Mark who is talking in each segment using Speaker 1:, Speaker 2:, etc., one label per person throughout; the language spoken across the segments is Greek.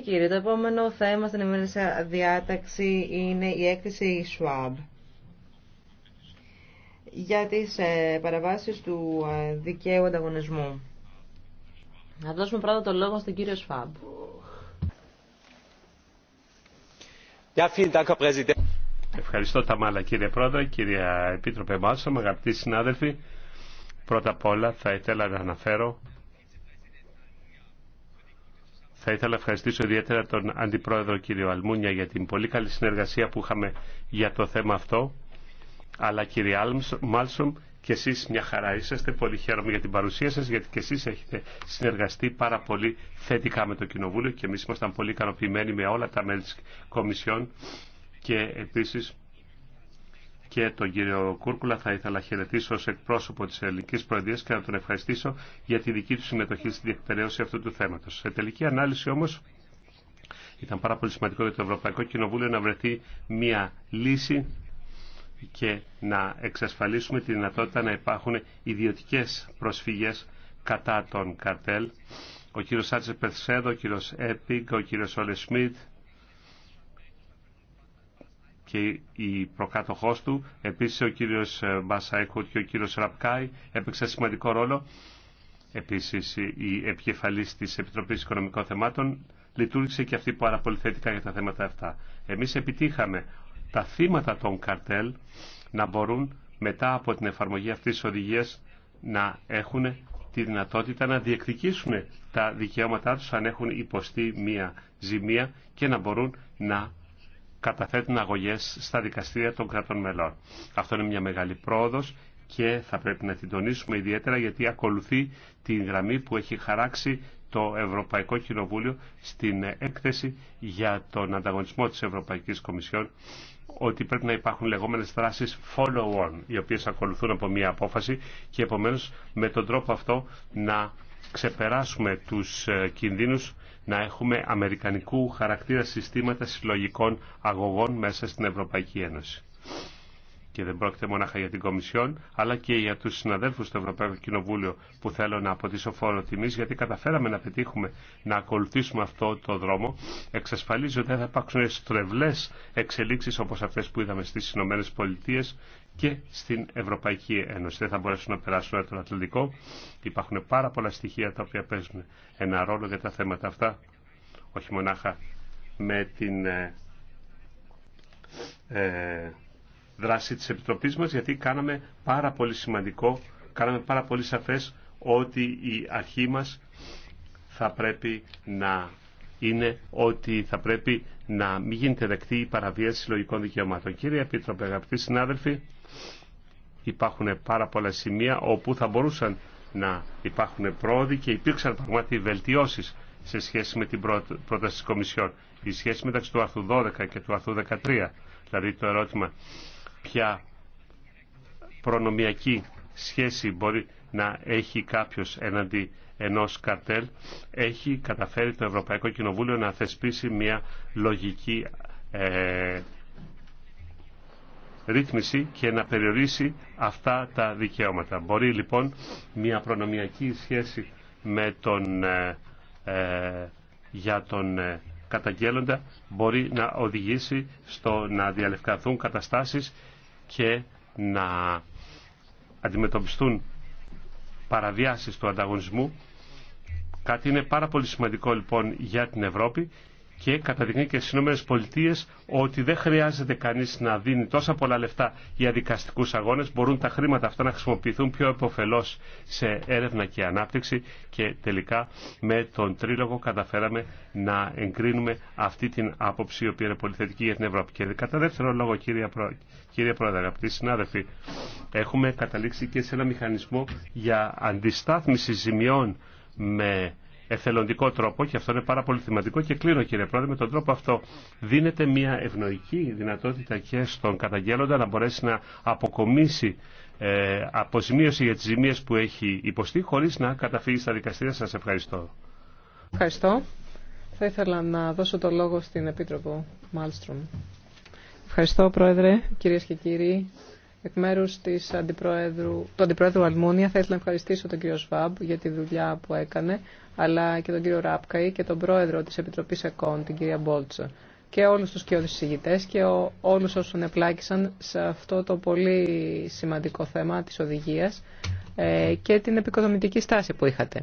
Speaker 1: κύριε, το επόμενο θέμα στην ημερήσια διάταξη είναι η έκθεση Schwab για τις ε, παραβάσεις του ε, δικαίου
Speaker 2: ανταγωνισμού. Να δώσουμε πρώτα το λόγο στον κύριο Schwab.
Speaker 3: Ευχαριστώ τα μάλα κύριε Πρόεδρε, κύριε Επίτροπε Μάσο, αγαπητοί συνάδελφοι. Πρώτα απ' όλα θα ήθελα να αναφέρω θα ήθελα να ευχαριστήσω ιδιαίτερα τον Αντιπρόεδρο κύριο Αλμούνια για την πολύ καλή συνεργασία που είχαμε για το θέμα αυτό. Αλλά κύριε Μάλσομ και εσείς μια χαρά είσαστε. Πολύ χαίρομαι για την παρουσία σας γιατί και εσείς έχετε συνεργαστεί πάρα πολύ θετικά με το Κοινοβούλιο και εμείς ήμασταν πολύ ικανοποιημένοι με όλα τα μέλη τη Κομισιόν και επίση και τον κύριο Κούρκουλα θα ήθελα χαιρετήσω ως εκπρόσωπο της ελληνικής προεδρίας και να τον ευχαριστήσω για τη δική του συμμετοχή στη διεκπαιρέωση αυτού του θέματος. Σε τελική ανάλυση όμως ήταν πάρα πολύ σημαντικό για το Ευρωπαϊκό Κοινοβούλιο να βρεθεί μια λύση και να εξασφαλίσουμε τη δυνατότητα να υπάρχουν ιδιωτικές προσφυγές κατά τον καρτέλ. Ο κύριος Σάτσε Περσέδο, ο κύριος Έπικ, ο κύριος Όλε Σμιτ, και η προκάτοχός του, επίσης ο κύριος ε, Μπασάικο και ο κύριος Ραπκάη έπαιξαν σημαντικό ρόλο. Επίσης η επικεφαλής της Επιτροπής Οικονομικών Θεμάτων λειτουργήσε και αυτή πάρα πολύ για τα θέματα αυτά. Εμείς επιτύχαμε τα θύματα των καρτέλ να μπορούν μετά από την εφαρμογή αυτής της οδηγίας να έχουν τη δυνατότητα να διεκδικήσουν τα δικαιώματά τους αν έχουν υποστεί μία ζημία και να μπορούν να καταθέτουν αγωγές στα δικαστήρια των κρατών μελών. Αυτό είναι μια μεγάλη πρόοδος και θα πρέπει να την τονίσουμε ιδιαίτερα γιατί ακολουθεί την γραμμή που έχει χαράξει το Ευρωπαϊκό Κοινοβούλιο στην έκθεση για τον ανταγωνισμό της Ευρωπαϊκής Κομισιόν ότι πρέπει να υπάρχουν λεγόμενες δράσεις follow-on, οι οποίες ακολουθούν από μία απόφαση και επομένως με τον τρόπο αυτό να ξεπεράσουμε τους ε, κινδύνους να έχουμε αμερικανικού χαρακτήρα συστήματα συλλογικών αγωγών μέσα στην Ευρωπαϊκή Ένωση και δεν πρόκειται μόναχα για την Κομισιόν, αλλά και για του συναδέλφου του Ευρωπαϊκό Κοινοβούλιο που θέλω να αποτίσω φόρο τιμή, γιατί καταφέραμε να πετύχουμε να ακολουθήσουμε αυτό το δρόμο. Εξασφαλίζει ότι δεν θα υπάρξουν στρεβλέ εξελίξει όπω αυτέ που είδαμε στι Ηνωμένε Πολιτείε και στην Ευρωπαϊκή Ένωση. Δεν θα μπορέσουν να περάσουν από τον Ατλαντικό. Υπάρχουν πάρα πολλά στοιχεία τα οποία παίζουν ένα ρόλο για τα θέματα αυτά, όχι μονάχα με την. Ε, ε δράση της Επιτροπής μας γιατί κάναμε πάρα πολύ σημαντικό, κάναμε πάρα πολύ σαφές ότι η αρχή μας θα πρέπει να είναι ότι θα πρέπει να μην γίνεται δεκτή η παραβίαση συλλογικών δικαιωμάτων. Κύριε Επίτροπε, αγαπητοί συνάδελφοι, υπάρχουν πάρα πολλά σημεία όπου θα μπορούσαν να υπάρχουν πρόοδοι και υπήρξαν πραγματικά βελτιώσει σε σχέση με την πρόταση τη Κομισιόν. Η σχέση μεταξύ του άρθρου 12 και του άρθρου 13, δηλαδή το ερώτημα ποια προνομιακή σχέση μπορεί να έχει κάποιος έναντι ενός καρτέλ, έχει καταφέρει το Ευρωπαϊκό Κοινοβούλιο να θεσπίσει μια λογική ε, ρύθμιση και να περιορίσει αυτά τα δικαιώματα. Μπορεί λοιπόν μια προνομιακή σχέση με τον, ε, ε, για τον καταγγέλλοντα μπορεί να οδηγήσει στο να διαλευκαθούν καταστάσεις και να αντιμετωπιστούν παραβιάσεις του ανταγωνισμού. Κάτι είναι πάρα πολύ σημαντικό λοιπόν για την Ευρώπη και καταδεικνύει και στι ΗΠΑ ότι δεν χρειάζεται κανεί να δίνει τόσα πολλά λεφτά για δικαστικού αγώνε. Μπορούν τα χρήματα αυτά να χρησιμοποιηθούν πιο επωφελώ σε έρευνα και ανάπτυξη και τελικά με τον Τρίλογο καταφέραμε να εγκρίνουμε αυτή την άποψη η οποία είναι πολύ για την Ευρώπη. Και κατά δεύτερο λόγο, κύριε, κύριε Πρόεδρε, αγαπητοί συνάδελφοι, έχουμε καταλήξει και σε ένα μηχανισμό για αντιστάθμιση ζημιών με εθελοντικό τρόπο και αυτό είναι πάρα πολύ θεματικό και κλείνω κύριε Πρόεδρε με τον τρόπο αυτό δίνεται μια ευνοϊκή δυνατότητα και στον καταγγέλλοντα να μπορέσει να αποκομίσει ε, αποζημίωση για τις ζημίες που έχει υποστεί χωρίς να καταφύγει στα δικαστήρια. Σας ευχαριστώ.
Speaker 2: Ευχαριστώ. Θα ήθελα να δώσω το λόγο στην Επίτροπο Μάλστρομ. Ευχαριστώ Πρόεδρε, κυρίες και κύριοι. Εκ μέρου αντιπροέδρου, του Αντιπρόεδρου Αλμούνια θα ήθελα να ευχαριστήσω τον κύριο Σβάμπ για τη δουλειά που έκανε, αλλά και τον κύριο Ράπκαη και τον πρόεδρο της Επιτροπής ΕΚΟΝ, την κυρία Μπόλτσα, και όλους τους κοιόδους συζητητέ και όλου όλους όσους επλάκησαν σε αυτό το πολύ σημαντικό θέμα της οδηγία ε, και την επικοδομητική στάση που είχατε.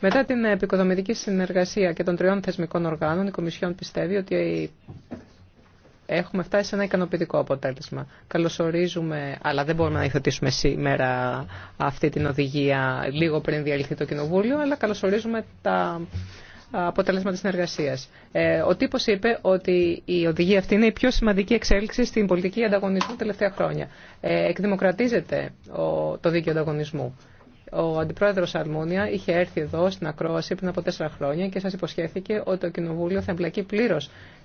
Speaker 2: Μετά την επικοδομητική συνεργασία και των τριών θεσμικών οργάνων, η Κομισιόν πιστεύει ότι έχουμε φτάσει σε ένα ικανοποιητικό αποτέλεσμα. Καλωσορίζουμε, αλλά δεν μπορούμε να υιοθετήσουμε σήμερα αυτή την οδηγία λίγο πριν διαλυθεί το Κοινοβούλιο, αλλά καλωσορίζουμε τα αποτέλεσμα της συνεργασίας. Ε, ο τύπος είπε ότι η οδηγία αυτή είναι η πιο σημαντική εξέλιξη στην πολιτική ανταγωνισμού τελευταία χρόνια. Ε, εκδημοκρατίζεται το δίκαιο ανταγωνισμού. Ο αντιπρόεδρο Αλμούνια είχε έρθει εδώ στην Ακρόαση πριν από τέσσερα χρόνια και σα υποσχέθηκε ότι το Κοινοβούλιο θα εμπλακεί πλήρω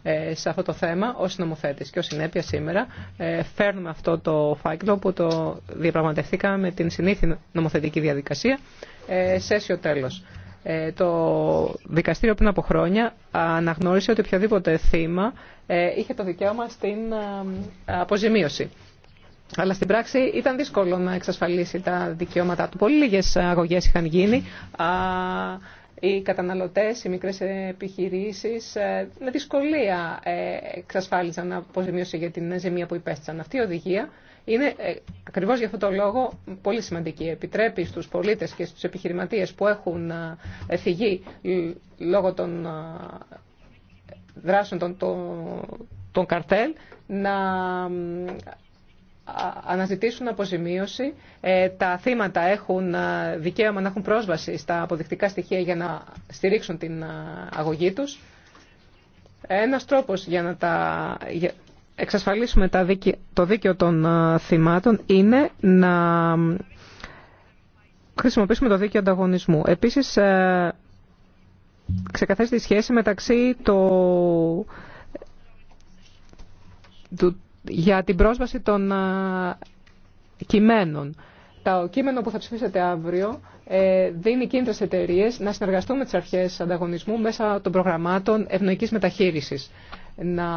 Speaker 2: ε, σε αυτό το θέμα ως νομοθέτης. Και ως συνέπεια σήμερα ε, φέρνουμε αυτό το φάκελο που το διαπραγματευθήκαμε με την συνήθινη νομοθετική διαδικασία σε αίσιο τέλος. Ε, το δικαστήριο πριν από χρόνια αναγνώρισε ότι οποιοδήποτε θύμα είχε το δικαίωμα στην αποζημίωση. Αλλά στην πράξη ήταν δύσκολο να εξασφαλίσει τα δικαιώματά του. Πολύ λίγε αγωγέ είχαν γίνει οι καταναλωτές, οι μικρές επιχειρήσεις ε, με δυσκολία ε, εξασφάλιζαν αποζημίωση για την ζημία που υπέστησαν. Αυτή η οδηγία είναι ε, ακριβώς για αυτόν τον λόγο πολύ σημαντική. Επιτρέπει στους πολίτες και στους επιχειρηματίες που έχουν φυγεί λόγω των δράσεων των, των, των καρτέλ να αναζητήσουν αποζημίωση. Ε, τα θύματα έχουν ε, δικαίωμα να έχουν πρόσβαση στα αποδεικτικά στοιχεία για να στηρίξουν την ε, αγωγή τους. Ένας τρόπος για να τα εξασφαλίσουμε τα το δίκαιο των θυμάτων είναι να χρησιμοποιήσουμε το δίκαιο ανταγωνισμού. Επίσης, ξεκαθαρίζει τη σχέση μεταξύ το... του για την πρόσβαση των κειμένων. Το κείμενο που θα ψηφίσετε αύριο ε, δίνει κίνητρα σε εταιρείε να συνεργαστούν με τι αρχέ ανταγωνισμού μέσα των προγραμμάτων ευνοϊκή μεταχείριση. Να,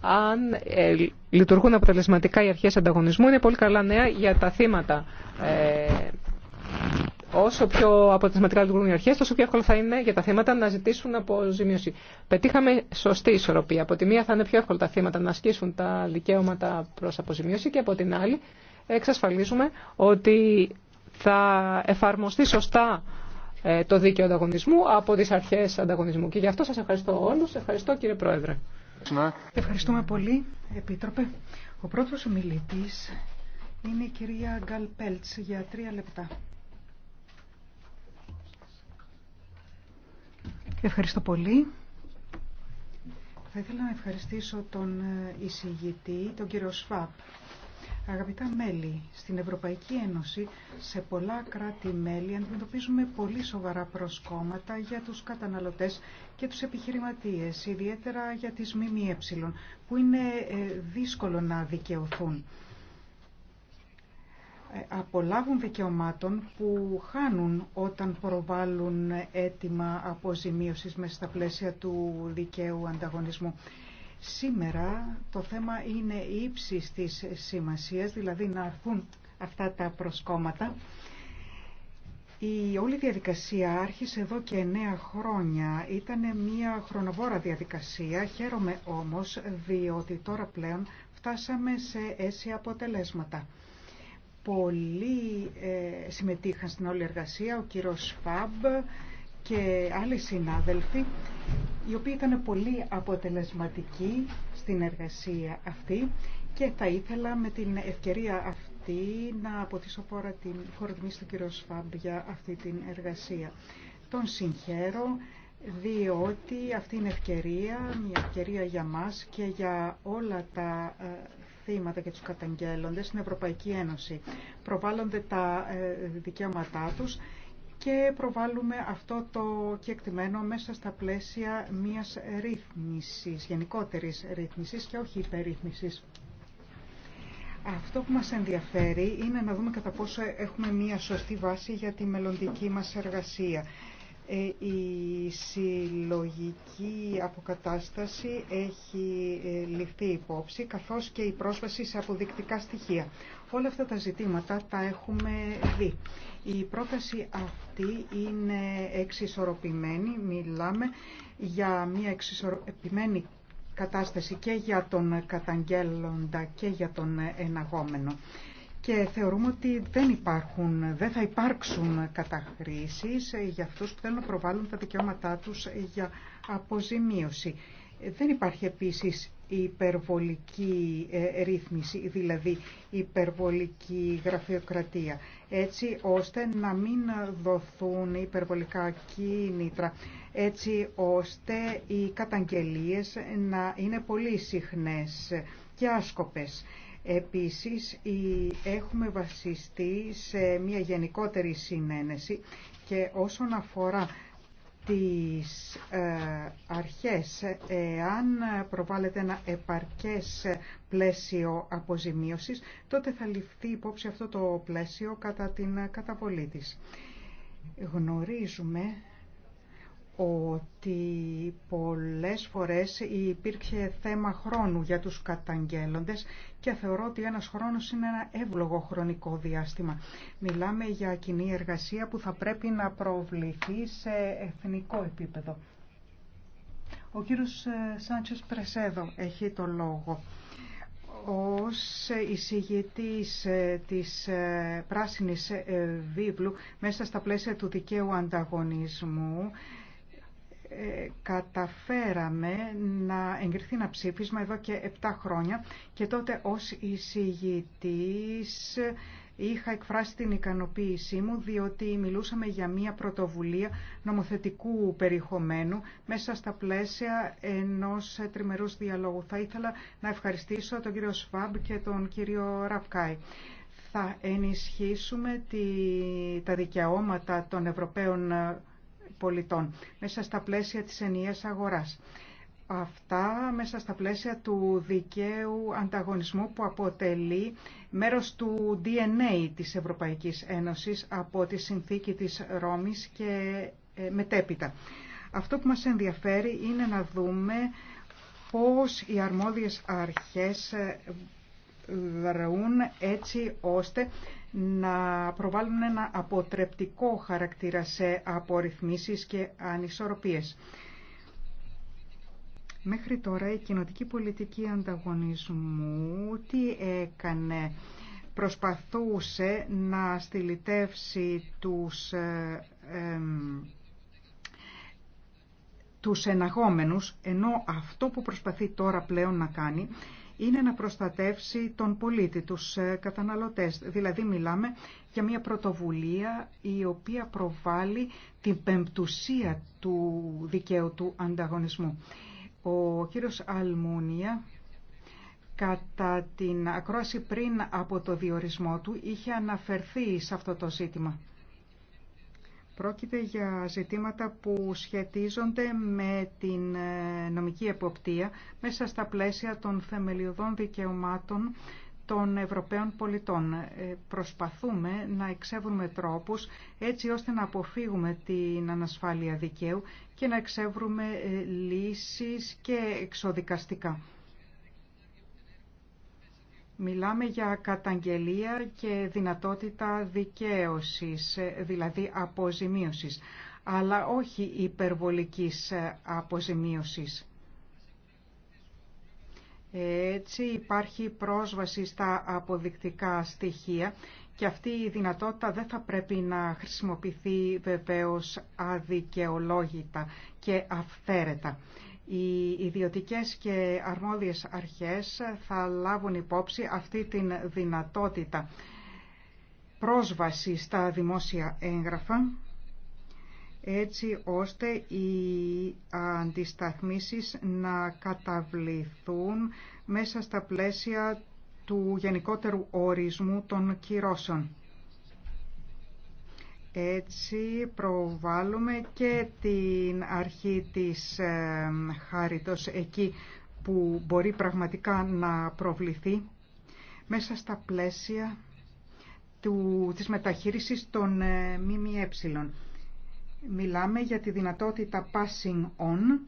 Speaker 2: αν ε, λειτουργούν αποτελεσματικά οι αρχέ ανταγωνισμού, είναι πολύ καλά νέα για τα θύματα ε, Όσο πιο αποτελεσματικά λειτουργούν οι αρχέ, τόσο πιο εύκολο θα είναι για τα θύματα να ζητήσουν αποζημίωση. Πετύχαμε σωστή ισορροπία. Από τη μία θα είναι πιο εύκολο τα θύματα να ασκήσουν τα δικαίωματα προ αποζημίωση και από την άλλη εξασφαλίζουμε ότι θα εφαρμοστεί σωστά ε, το δίκαιο ανταγωνισμού από τι αρχέ ανταγωνισμού. Και γι' αυτό σα ευχαριστώ όλου. Ευχαριστώ κύριε Πρόεδρε. Ευχαριστούμε πολύ,
Speaker 1: Επίτροπε. Ο πρώτο ομιλητή είναι η κυρία Πέλτς για τρία λεπτά. Ευχαριστώ πολύ. Θα ήθελα να ευχαριστήσω τον ε, εισηγητή, τον κύριο Σφάπ. Αγαπητά μέλη, στην Ευρωπαϊκή Ένωση σε πολλά κράτη-μέλη αντιμετωπίζουμε πολύ σοβαρά προσκόμματα για τους καταναλωτές και τους επιχειρηματίες, ιδιαίτερα για τις ΜΜΕ, που είναι ε, δύσκολο να δικαιωθούν απολάβουν δικαιωμάτων που χάνουν όταν προβάλλουν αίτημα αποζημίωσης μέσα στα πλαίσια του δικαίου ανταγωνισμού. Σήμερα το θέμα είναι ύψη της σημασίας, δηλαδή να αρθούν αυτά τα προσκόμματα. Η όλη διαδικασία άρχισε εδώ και εννέα χρόνια. Ήταν μια χρονοβόρα διαδικασία, χαίρομαι όμως διότι τώρα πλέον φτάσαμε σε αίσια αποτελέσματα. Πολλοί ε, συμμετείχαν στην όλη εργασία, ο κύριος Φαμπ και άλλοι συνάδελφοι, οι οποίοι ήταν πολύ αποτελεσματικοί στην εργασία αυτή και θα ήθελα με την ευκαιρία αυτή να αποτίσω φορά την χορδμή στον κύριο Φαμπ για αυτή την εργασία. Τον συγχαίρω διότι αυτή είναι ευκαιρία, μια ευκαιρία για μας και για όλα τα ε, θύματα και τους καταγγέλλονται στην Ευρωπαϊκή Ένωση. Προβάλλονται τα ε, δικαιώματά τους και προβάλλουμε αυτό το κεκτημένο μέσα στα πλαίσια μιας ρύθμισης, γενικότερης ρύθμισης και όχι υπερρύθμισης. Αυτό που μας ενδιαφέρει είναι να δούμε κατά πόσο έχουμε μία σωστή βάση για τη μελλοντική μας εργασία. Ε, η συλλογική αποκατάσταση έχει ε, ληφθεί υπόψη, καθώς και η πρόσβαση σε αποδεικτικά στοιχεία. Όλα αυτά τα ζητήματα τα έχουμε δει. Η πρόταση αυτή είναι εξισορροπημένη. Μιλάμε για μια εξισορροπημένη κατάσταση και για τον καταγγέλλοντα και για τον εναγόμενο και θεωρούμε ότι δεν υπάρχουν, δεν θα υπάρξουν καταχρήσεις για αυτούς που θέλουν να προβάλλουν τα δικαιώματά τους για αποζημίωση. Δεν υπάρχει επίσης υπερβολική ε, ρύθμιση, δηλαδή υπερβολική γραφειοκρατία, έτσι ώστε να μην δοθούν υπερβολικά κίνητρα, έτσι ώστε οι καταγγελίες να είναι πολύ συχνές και άσκοπες. Επίσης, έχουμε βασιστεί σε μια γενικότερη συνένεση και όσον αφορά τις ε, αρχές, εάν προβάλλεται ένα επαρκές πλαίσιο αποζημίωσης, τότε θα ληφθεί υπόψη αυτό το πλαίσιο κατά την καταβολή της. Γνωρίζουμε ότι πολλές φορές υπήρχε θέμα χρόνου για τους καταγγέλλοντες και θεωρώ ότι ένας χρόνος είναι ένα εύλογο χρονικό διάστημα. Μιλάμε για κοινή εργασία που θα πρέπει να προβληθεί σε εθνικό επίπεδο. Ο κύριος ε, Σάντσος Πρεσέδο έχει το λόγο. Ως εισηγητής ε, της ε, πράσινης βίβλου μέσα στα πλαίσια του δικαίου ανταγωνισμού ε, καταφέραμε να εγκριθεί ένα ψήφισμα εδώ και 7 χρόνια και τότε ως εισηγητής είχα εκφράσει την ικανοποίησή μου διότι μιλούσαμε για μια πρωτοβουλία νομοθετικού περιεχομένου μέσα στα πλαίσια ενός τριμερούς διαλόγου. Θα ήθελα να ευχαριστήσω τον κύριο Σφάμπ και τον κύριο Ραπκάη. Θα ενισχύσουμε τη, τα δικαιώματα των Ευρωπαίων πολιτών μέσα στα πλαίσια της ενιαίας αγοράς. Αυτά μέσα στα πλαίσια του δικαίου ανταγωνισμού που αποτελεί μέρος του DNA της Ευρωπαϊκής Ένωσης από τη συνθήκη της Ρώμης και ε, μετέπειτα. Αυτό που μας ενδιαφέρει είναι να δούμε πώς οι αρμόδιες αρχές ε, δραούν έτσι ώστε να προβάλλουν ένα αποτρεπτικό χαρακτήρα σε απορριθμίσεις και ανισορροπίες. Μέχρι τώρα η κοινοτική πολιτική ανταγωνισμού τι έκανε προσπαθούσε να στυλιτεύσει τους, ε, τους εναγόμενους, ενώ αυτό που προσπαθεί τώρα πλέον να κάνει είναι να προστατεύσει τον πολίτη, τους ε, καταναλωτές. Δηλαδή μιλάμε για μια πρωτοβουλία η οποία προβάλλει την πεμπτουσία του δικαίου του ανταγωνισμού. Ο κύριος Αλμούνια κατά την ακρόαση πριν από το διορισμό του είχε αναφερθεί σε αυτό το ζήτημα. Πρόκειται για ζητήματα που σχετίζονται με την ε, νομική εποπτεία μέσα στα πλαίσια των θεμελιωδών δικαιωμάτων των Ευρωπαίων πολιτών. Ε, προσπαθούμε να εξεύρουμε τρόπους έτσι ώστε να αποφύγουμε την ανασφάλεια δικαίου και να εξεύρουμε ε, λύσεις και εξοδικαστικά. Μιλάμε για καταγγελία και δυνατότητα δικαίωσης, δηλαδή αποζημίωσης, αλλά όχι υπερβολικής ε, αποζημίωσης. Έτσι υπάρχει πρόσβαση στα αποδεικτικά στοιχεία και αυτή η δυνατότητα δεν θα πρέπει να χρησιμοποιηθεί βεβαίως αδικαιολόγητα και αυθαίρετα. Οι ιδιωτικές και αρμόδιες αρχές θα λάβουν υπόψη αυτή την δυνατότητα πρόσβαση στα δημόσια έγγραφα έτσι ώστε οι αντισταθμίσεις να καταβληθούν μέσα στα πλαίσια του γενικότερου ορισμού των κυρώσεων. Έτσι προβάλλουμε και την αρχή της ε, χάριτος εκεί που μπορεί πραγματικά να προβληθεί μέσα στα πλαίσια του, της μεταχείρισης των ε, ΜΜΕ. Μιλάμε για τη δυνατότητα passing on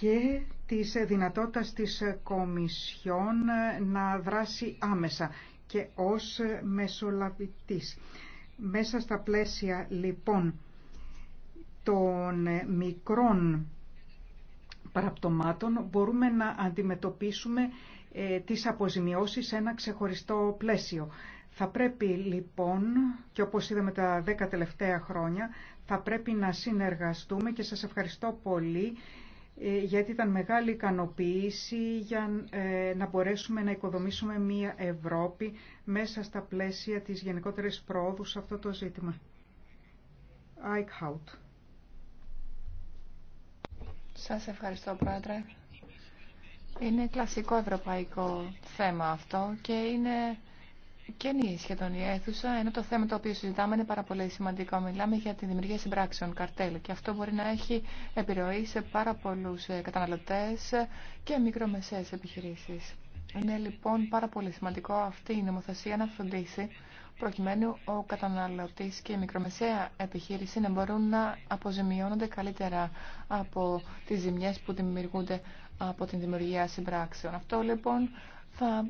Speaker 1: και της δυνατότητας της Κομισιόν να δράσει άμεσα και ως μεσολαβητής. Μέσα στα πλαίσια λοιπόν των μικρών παραπτωμάτων μπορούμε να αντιμετωπίσουμε ε, τις αποζημιώσεις σε ένα ξεχωριστό πλαίσιο. Θα πρέπει λοιπόν, και όπως είδαμε τα δέκα τελευταία χρόνια, θα πρέπει να συνεργαστούμε και σας ευχαριστώ πολύ ε, γιατί ήταν μεγάλη ικανοποίηση για ε, να μπορέσουμε να οικοδομήσουμε μία Ευρώπη μέσα στα πλαίσια της γενικότερης πρόοδου σε αυτό το ζήτημα.
Speaker 4: Eichhout. Σας ευχαριστώ, Πρόεδρε. Είναι κλασικό ευρωπαϊκό θέμα αυτό και είναι και η σχεδόν η αίθουσα, ενώ το θέμα το οποίο συζητάμε είναι πάρα πολύ σημαντικό. Μιλάμε για τη δημιουργία συμπράξεων, καρτέλ, και αυτό μπορεί να έχει επιρροή σε πάρα πολλού ε, καταναλωτέ και μικρομεσαίε επιχειρήσει. Είναι λοιπόν πάρα πολύ σημαντικό αυτή η νομοθεσία να φροντίσει προκειμένου ο καταναλωτής και η μικρομεσαία επιχείρηση να μπορούν να αποζημιώνονται καλύτερα από τις ζημιές που δημιουργούνται από την δημιουργία συμπράξεων. Αυτό λοιπόν θα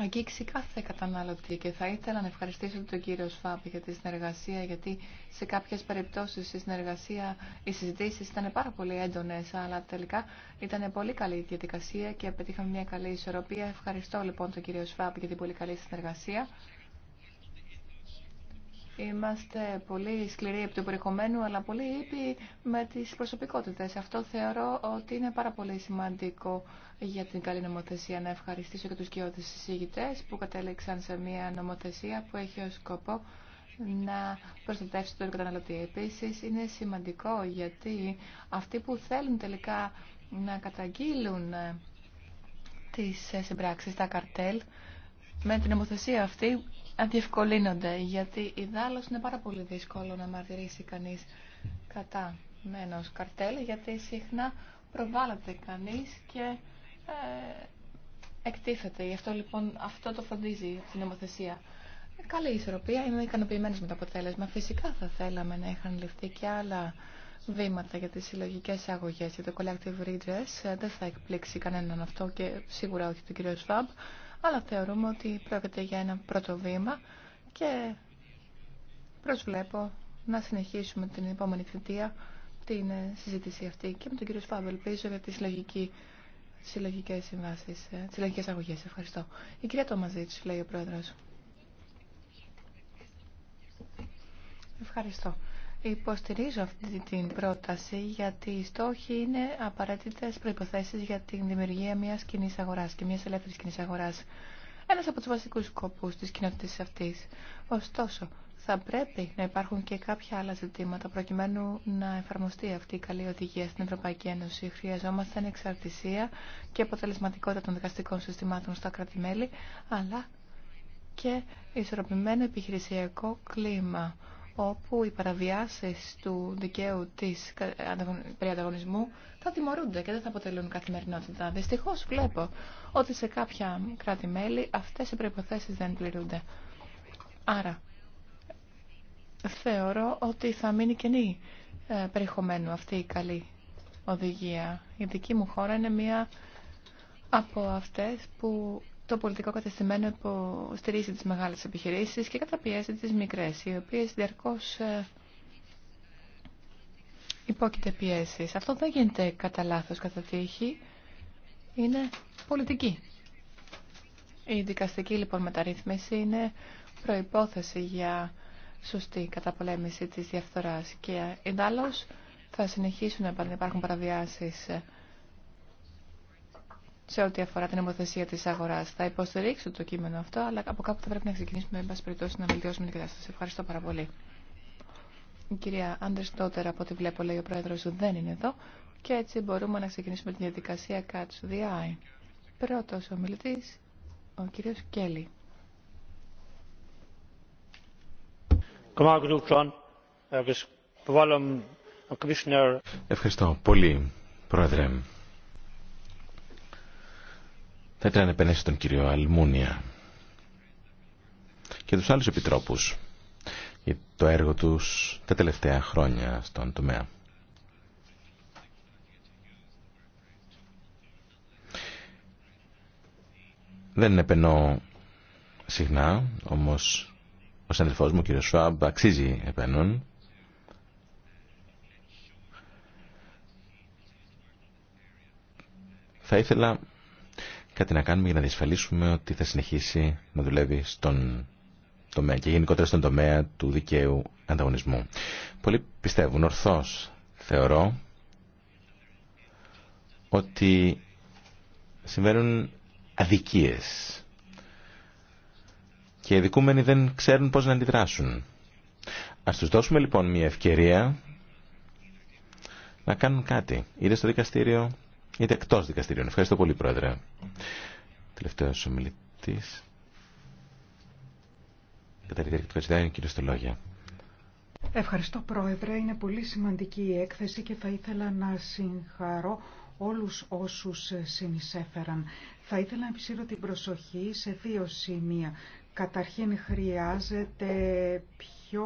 Speaker 4: αγγίξει κάθε καταναλωτή και θα ήθελα να ευχαριστήσω τον κύριο Σφάπ για τη συνεργασία γιατί σε κάποιες περιπτώσεις η συνεργασία, οι συζητήσεις ήταν πάρα πολύ έντονες αλλά τελικά ήταν πολύ καλή η διαδικασία και πετύχαμε μια καλή ισορροπία. Ευχαριστώ λοιπόν τον κύριο Σφάπ για την πολύ καλή συνεργασία. Είμαστε πολύ σκληροί από το περιεχομένου, αλλά πολύ ήπιοι με τις προσωπικότητες. Αυτό θεωρώ ότι είναι πάρα πολύ σημαντικό για την καλή νομοθεσία. Να ευχαριστήσω και τους κοιότητες συζητητέ που κατέληξαν σε μια νομοθεσία που έχει ως σκοπό να προστατεύσει τον καταναλωτή. Επίση είναι σημαντικό γιατί αυτοί που θέλουν τελικά να καταγγείλουν τι συμπράξει, τα καρτέλ, με την νομοθεσία αυτή αντιευκολύνονται, γιατί η δάλο είναι πάρα πολύ δύσκολο να μαρτυρήσει κανείς κατά μένος καρτέλ, γιατί συχνά προβάλλεται κανείς και ε, εκτίθεται. Γι' αυτό λοιπόν αυτό το φροντίζει την νομοθεσία. Καλή ισορροπία, είμαι ικανοποιημένη με το αποτέλεσμα. Φυσικά θα θέλαμε να είχαν ληφθεί και άλλα βήματα για τις συλλογικέ αγωγές για το collective redress. Ε, δεν θα εκπλήξει κανέναν αυτό και σίγουρα όχι τον κύριο Σφαμπ αλλά θεωρούμε ότι πρόκειται για ένα πρώτο βήμα και προσβλέπω να συνεχίσουμε την επόμενη θητεία την ε, συζήτηση αυτή και με τον κύριο Σφάβο ελπίζω για τις λογική, συλλογικές συμβάσεις, ε, τις συλλογικές αγωγές. Ευχαριστώ. Η κυρία Τόμαζίτς, λέει ο Πρόεδρος. Ευχαριστώ. Υποστηρίζω αυτή την πρόταση γιατί οι στόχοι είναι απαραίτητε προποθέσει για την δημιουργία μια κοινή αγορά και μια ελεύθερη κοινή αγορά. Ένα από του βασικού σκοπού τη κοινότητα αυτή. Ωστόσο, θα πρέπει να υπάρχουν και κάποια άλλα ζητήματα προκειμένου να εφαρμοστεί αυτή η καλή οδηγία στην Ευρωπαϊκή Ένωση. Χρειαζόμαστε ανεξαρτησία και αποτελεσματικότητα των δικαστικών συστημάτων στα κράτη-μέλη, αλλά και ισορροπημένο επιχειρησιακό κλίμα όπου οι παραβιάσεις του δικαίου της περιανταγωνισμού θα τιμωρούνται και δεν θα αποτελούν καθημερινότητα. Δυστυχώς βλέπω ότι σε κάποια κράτη-μέλη αυτές οι προϋποθέσεις δεν πληρούνται. Άρα, θεωρώ ότι θα μείνει κενή ε, περιεχομένου αυτή η καλή οδηγία. Η δική μου χώρα είναι μία από αυτές που το πολιτικό κατεστημένο υποστηρίζει τις μεγάλες επιχειρήσεις και καταπιέζει τις μικρές, οι οποίες διαρκώς ε, υπόκειται πιέσεις. Αυτό δεν γίνεται κατά λάθος, κατά τύχη. Είναι πολιτική. Η δικαστική λοιπόν μεταρρύθμιση είναι προϋπόθεση για σωστή καταπολέμηση της διαφθοράς και ε, εντάλλως θα συνεχίσουν να υπάρχουν παραβιάσεις ε, σε ό,τι αφορά την νομοθεσία τη αγορά. Θα υποστηρίξω το κείμενο αυτό, αλλά από κάπου θα πρέπει να ξεκινήσουμε, εν πάση περιπτώσει, να βελτιώσουμε την κατάσταση. Ευχαριστώ πάρα πολύ. Η κυρία Άντερ Στότερ, από ό,τι βλέπω, λέει ο πρόεδρος, δεν είναι εδώ. Και έτσι μπορούμε να ξεκινήσουμε τη διαδικασία Catch the Eye. Πρώτος ομιλητή, ο κύριο Κέλλη.
Speaker 5: Ευχαριστώ πολύ, Πρόεδρε. Θα ήθελα να τον κύριο Αλμούνια και τους άλλους επιτρόπους για το έργο τους τα τελευταία χρόνια στον τομέα. Δεν επενώ συχνά, όμως ο συναδελφός μου, ο Σουάμπ, αξίζει επένων. Θα ήθελα κάτι να κάνουμε για να διασφαλίσουμε ότι θα συνεχίσει να δουλεύει στον τομέα και γενικότερα στον τομέα του δικαίου ανταγωνισμού. Πολλοί πιστεύουν ορθώς, θεωρώ, ότι συμβαίνουν αδικίες και οι δικούμενοι δεν ξέρουν πώς να αντιδράσουν. Ας τους δώσουμε λοιπόν μια ευκαιρία να κάνουν κάτι. Είτε στο δικαστήριο, είτε εκτό δικαστηρίων. Ευχαριστώ πολύ, Πρόεδρε. Τελευταίο ομιλητή. Κατά τη διάρκεια του κύριο Στολόγια.
Speaker 1: Ευχαριστώ, Πρόεδρε. Είναι πολύ σημαντική η έκθεση και θα ήθελα να συγχαρώ όλους όσους συνεισέφεραν. Θα ήθελα να επισύρω την προσοχή σε δύο σημεία. Καταρχήν χρειάζεται πιο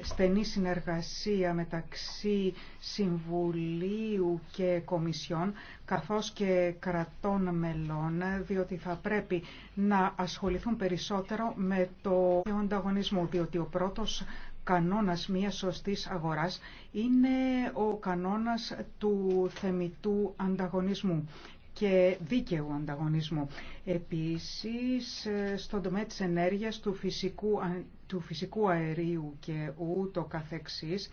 Speaker 1: στενή συνεργασία μεταξύ Συμβουλίου και Κομισιών καθώς και κρατών μελών διότι θα πρέπει να ασχοληθούν περισσότερο με το ανταγωνισμό διότι ο πρώτος κανόνας μιας σωστής αγοράς είναι ο κανόνας του θεμητού ανταγωνισμού και δίκαιου ανταγωνισμού. Επίσης, ε, στον τομέα της ενέργειας, του φυσικού, του φυσικού αερίου και ούτω καθεξής,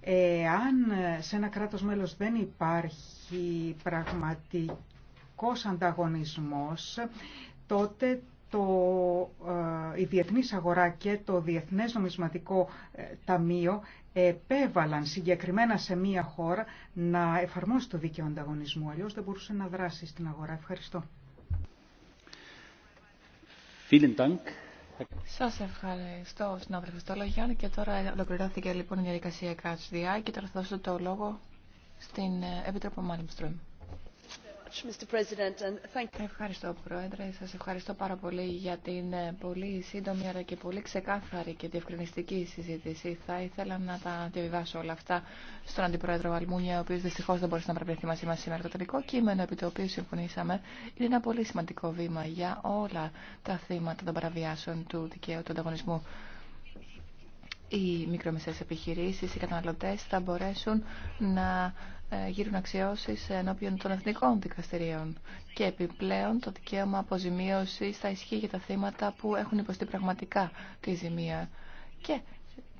Speaker 1: ε, αν ε, σε ένα κράτος μέλος δεν υπάρχει πραγματικός ανταγωνισμός, τότε το, η διεθνής αγορά και το Διεθνές Νομισματικό Ταμείο επέβαλαν συγκεκριμένα σε μία χώρα να εφαρμόσει το δίκαιο ανταγωνισμού. Αλλιώς δεν μπορούσε να δράσει στην αγορά. Ευχαριστώ.
Speaker 4: Σα ευχαριστώ, συνάδελφε Στολογιάν. Και τώρα ολοκληρώθηκε λοιπόν η διαδικασία ΚΑΤΣΔΙΑ και τώρα θα δώσω το λόγο στην ε, Επίτροπο Μάλιμστρομ. Ευχαριστώ, Πρόεδρε. Σας ευχαριστώ πάρα πολύ για την ε, πολύ σύντομη αλλά και πολύ ξεκάθαρη και διευκρινιστική συζήτηση. Θα ήθελα να τα διαβιβάσω όλα αυτά στον Αντιπρόεδρο Αλμούνια, ο οποίος δυστυχώς δεν μπορούσε να παραπληθεί μαζί μας σήμερα. Το τελικό κείμενο επί το οποίο συμφωνήσαμε είναι ένα πολύ σημαντικό βήμα για όλα τα θύματα των παραβιάσεων του δικαίου του ανταγωνισμού οι μικρομεσαίες επιχειρήσεις, οι καταναλωτές θα μπορέσουν να ε, γύρουν αξιώσεις ενώπιον των εθνικών δικαστηρίων. Και επιπλέον το δικαίωμα αποζημίωσης θα ισχύει για τα θύματα που έχουν υποστεί πραγματικά τη ζημία και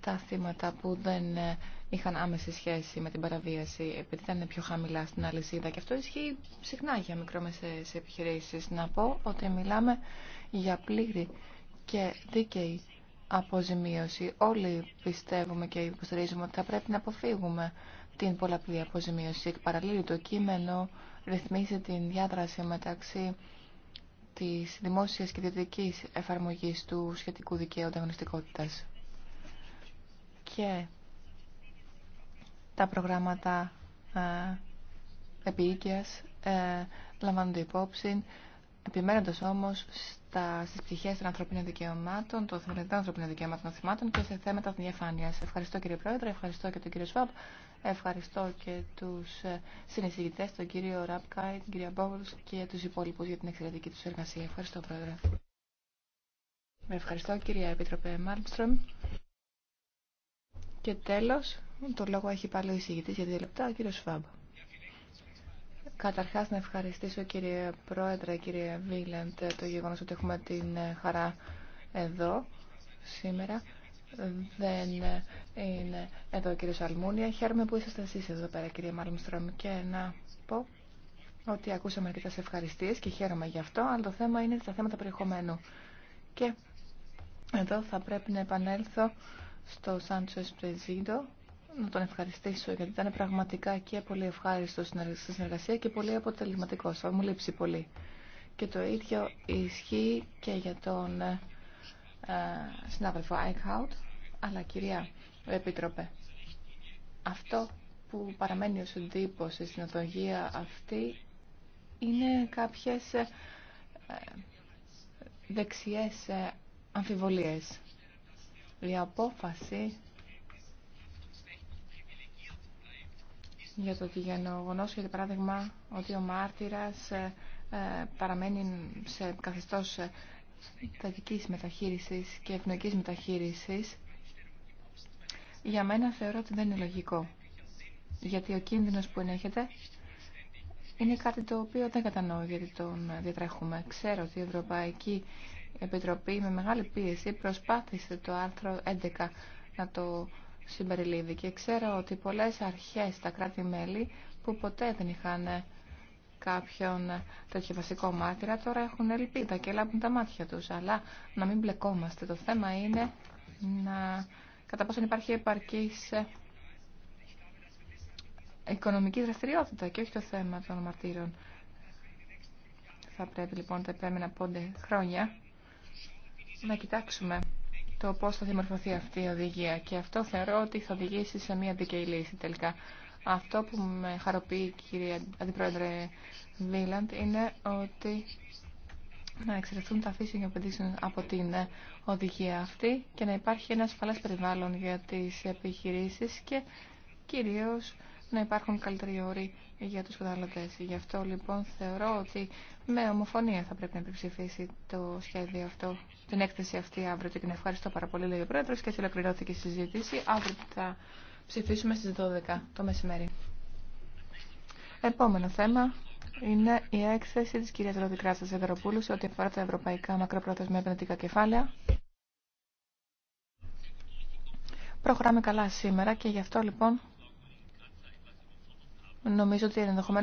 Speaker 4: τα θύματα που δεν ε, είχαν άμεση σχέση με την παραβίαση επειδή ήταν πιο χαμηλά στην αλυσίδα και αυτό ισχύει συχνά για μικρομεσαίες επιχειρήσεις. Να πω ότι μιλάμε για πλήρη και δίκαιη αποζημίωση. Όλοι πιστεύουμε και υποστηρίζουμε ότι θα πρέπει να αποφύγουμε την πολλαπλή αποζημίωση. Εκ το κείμενο ρυθμίζει την διάδραση μεταξύ της δημόσιας και ιδιωτικής εφαρμογής του σχετικού δικαίου ανταγωνιστικότητα. Και τα προγράμματα ε, ε, λαμβάνονται υπόψη, επιμένοντας όμως στα, στις ψυχές των ανθρωπίνων δικαιωμάτων, των ανθρωπίνων δικαιωμάτων των θυμάτων και σε θέματα διαφάνεια. Ευχαριστώ κύριε Πρόεδρε, ευχαριστώ και τον κύριο Σβάμπ, ευχαριστώ και τους ε, συνεισηγητές, τον κύριο Ραπκάι, την κυρία Μπόγλους και τους υπόλοιπους για την εξαιρετική τους εργασία. Ευχαριστώ Πρόεδρε. Ευχαριστώ κυρία Επίτροπε Μάλμστρομ. Και τέλος, το λόγο έχει πάλι ο εισηγητής για δύο λεπτά, ο κύριος Σφάμπ. Καταρχάς να ευχαριστήσω κύριε Πρόεδρε, κύριε Βίλαντ, το γεγονός ότι έχουμε την ε, χαρά εδώ σήμερα. Δεν ε, είναι εδώ ο κύριος Αλμούνια. Χαίρομαι που είσαστε εσείς εδώ πέρα κύριε Μάλμστρομ και να πω ότι ακούσαμε αρκετά σε ευχαριστίες και χαίρομαι γι' αυτό, αλλά το θέμα είναι τα θέματα περιεχομένου. Και εδώ θα πρέπει να επανέλθω στο Σάντσο Εσπρεζίντο, να τον ευχαριστήσω γιατί ήταν πραγματικά και πολύ ευχάριστο στη συνεργασία και πολύ αποτελεσματικό. Θα μου λείψει πολύ. Και το ίδιο ισχύει και για τον ε, συνάδελφο Eichhout, αλλά κυρία Επίτροπε, αυτό που παραμένει ως εντύπωση στην οδογία αυτή είναι κάποιες ε, δεξιές ε, αμφιβολίες. Η απόφαση για το γεγονό, για παράδειγμα, ότι ο μάρτυρας ε, ε, παραμένει σε καθεστώς ε, θετικής μεταχείρισης και ευνοϊκής μεταχείρισης, για μένα θεωρώ ότι δεν είναι λογικό. Γιατί ο κίνδυνος που ενέχεται είναι κάτι το οποίο δεν κατανοώ γιατί τον διατρέχουμε. Ξέρω ότι η Ευρωπαϊκή Επιτροπή με μεγάλη πίεση προσπάθησε το άρθρο 11 να το συμπεριλήβει και ξέρω ότι πολλές αρχές στα κράτη-μέλη που ποτέ δεν είχαν κάποιον τέτοιο βασικό μάρτυρα τώρα έχουν ελπίδα και λάμπουν τα μάτια τους. Αλλά να μην μπλεκόμαστε. Το θέμα είναι να κατά πόσον υπάρχει επαρκής οικονομική δραστηριότητα και όχι το θέμα των μαρτύρων. Θα πρέπει λοιπόν τα επέμενα πόντε χρόνια να κοιτάξουμε το πώς θα δημορφωθεί αυτή η οδηγία και αυτό θεωρώ ότι θα οδηγήσει σε μια δίκαιη λύση τελικά. Αυτό που με χαροποιεί κυρία Αντιπρόεδρε Βίλαντ είναι ότι να εξαιρεθούν τα και απαντήσεων από την ε, οδηγία αυτή και να υπάρχει ένα ασφαλές περιβάλλον για τις επιχειρήσεις και κυρίως να υπάρχουν καλύτεροι όροι για τους καταναλωτές. Γι' αυτό λοιπόν θεωρώ ότι με ομοφωνία θα πρέπει να επιψηφίσει το σχέδιο αυτό, την έκθεση αυτή αύριο την ευχαριστώ πάρα πολύ λέει ο Πρόεδρος και έτσι ολοκληρώθηκε η συζήτηση. Αύριο θα ψηφίσουμε στις 12 το μεσημέρι. Επόμενο θέμα είναι η έκθεση της κυρίας Ροδικράστας Ευεροπούλου σε ό,τι αφορά τα ευρωπαϊκά μακροπρόθεσμα επενδυτικά κεφάλαια. Προχωράμε καλά σήμερα και γι' αυτό λοιπόν Νομίζω ότι ενδεχομένω